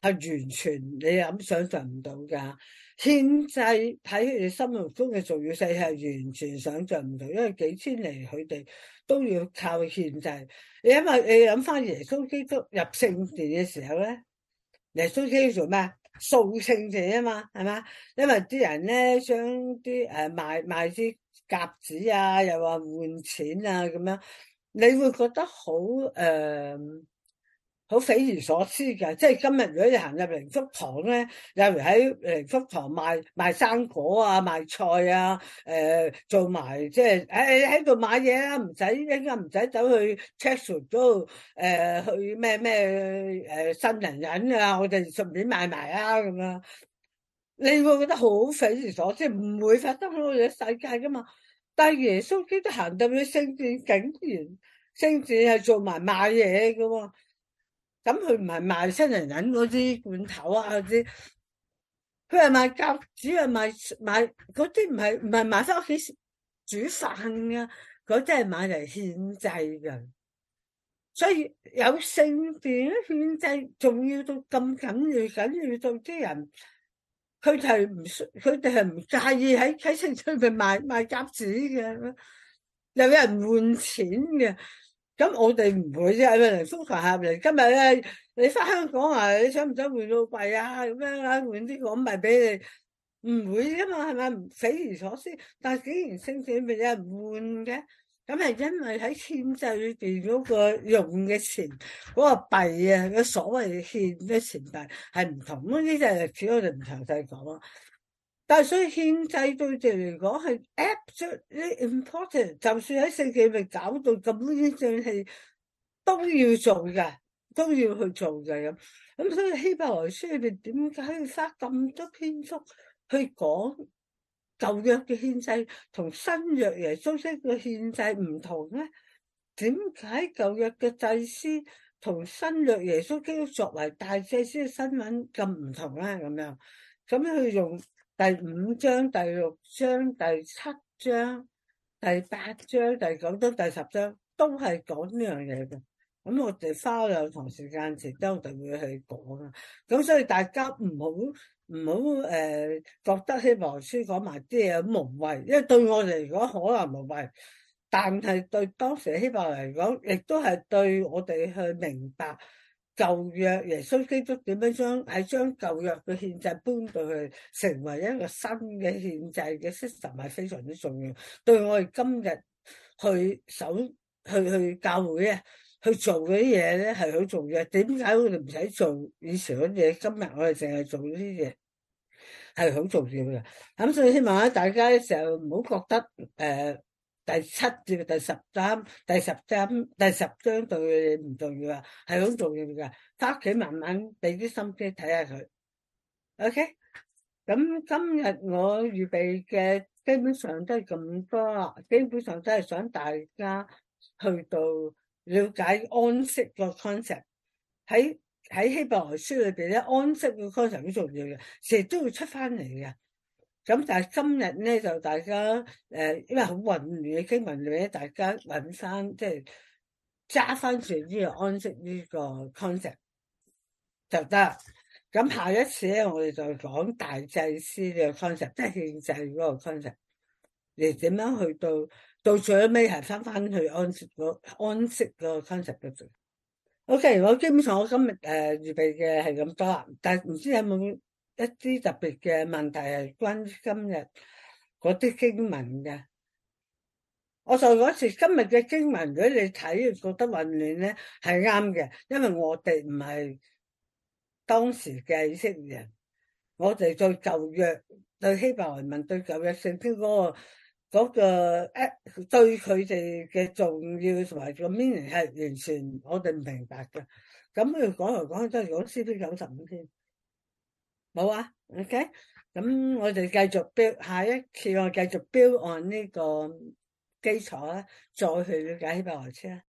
係完全你諗想象唔到噶。獻祭喺佢哋心目中嘅重要性係完全想象唔到，因為幾千年嚟佢哋都要靠獻祭。你因為你諗翻耶穌基督入聖殿嘅時候咧，耶穌基督做咩啊？掃聖殿啊嘛，係嘛？因為啲人咧將啲誒賣賣啲夾子啊，又話換錢啊咁樣，你會覺得好誒。呃好匪夷所思嘅，即係今日如果你行入靈福堂咧，例如喺靈福堂賣賣生果啊、賣菜啊，誒、呃、做埋即係喺喺度買嘢啊，唔使應該唔使走去 check out 都誒、呃、去咩咩誒新人引啊，我哋順便買埋啊咁樣，你會覺得好匪夷所思，唔會發生喺我哋世界噶嘛？但係耶穌基督行到去聖殿，竟然聖殿係做埋買嘢嘅喎。咁佢唔係賣新人人嗰啲罐頭啊啲，佢係賣鴿子啊賣賣嗰啲唔係唔係賣翻屋企煮飯啊嗰啲係買嚟獻祭嘅。所以有聖殿獻祭仲要到咁緊要緊要到啲人，佢哋唔佢哋係唔介意喺喺城市裏賣賣鴿子嘅，又有人換錢嘅。咁我哋唔會啫，係咪？嚟收藏下嚟。今日咧，你翻香港啊，你想唔想換到幣啊？咁樣啊，換啲我唔係俾你，唔會啫嘛，係咪？匪夷所思。但係既然升值，俾有人換嘅。咁係因為喺欠債裏邊嗰個用嘅錢，嗰個幣啊，嗰所謂欠嘅錢幣係唔同。咁呢啲就係主要就唔詳細講啦。但所以獻祭對住嚟講係 absolutely important，就算喺聖經裏搞到咁樣樣係都要做嘅，都要去做嘅咁。咁所以希伯來書裏邊點解要花咁多篇幅去講舊約嘅獻祭同新約耶穌基督嘅獻祭唔同咧？點解舊約嘅祭司同新約耶穌基督作為大祭司嘅身份咁唔同咧？咁樣咁樣去用，第五章、第六章、第七章、第八章、第九章、第十章都係講呢樣嘢嘅，咁我哋花兩堂時間前我都我哋會去講啊。咁所以大家唔好唔好誒覺得希伯來書講埋啲嘢無謂，因為對我哋嚟講可能無謂，但係對當時希伯來嚟講，亦都係對我哋去明白。舊約耶穌基督點樣將喺將舊約嘅憲制搬到去成為一個新嘅憲制嘅 system，係非常之重要。對我哋今日去守去去教會咧，去做嗰啲嘢咧，係好重要。點解我哋唔使做以前嗰啲嘢？今日我哋淨係做呢啲嘢，係好重要嘅。咁所以希望咧，大家成日唔好覺得誒。第七至第十章、第十章、第十章對唔重要啊，係好重要嘅。翻屋企慢慢俾啲心機睇下佢。OK，咁今日我預備嘅基本上都係咁多啦，基本上都係想大家去到了解安息個 concept。喺喺希伯來書裏邊咧，安息個 concept 好重要嘅，成日都會出翻嚟嘅。咁但係今日咧就大家誒，因為好混亂嘅經文裏大家穩翻即係揸翻船，呢個安息呢個 concept 就得。咁下一次咧，我哋就講大祭司嘅 concept，即係獻祭嗰個 concept，你點樣去到到最尾，係翻翻去安息嗰安息嗰個 concept 度。O K，我基本上我今日誒預備嘅係咁多啦，但係唔知有冇。一啲特別嘅問題係關於今日嗰啲經文嘅，我就嗰時今日嘅經文如果你睇覺得混亂咧，係啱嘅，因為我哋唔係當時嘅以色列人，我哋對舊約、對希伯來人、對舊約聖經嗰個嗰個一對佢哋嘅重要同埋個 meaning 係完全我哋唔明白嘅。咁佢講嚟講去都係講詩篇九十五篇。冇啊，OK，咁我哋繼續標，下一次我繼續標按呢個基礎咧，再去了解呢個台車。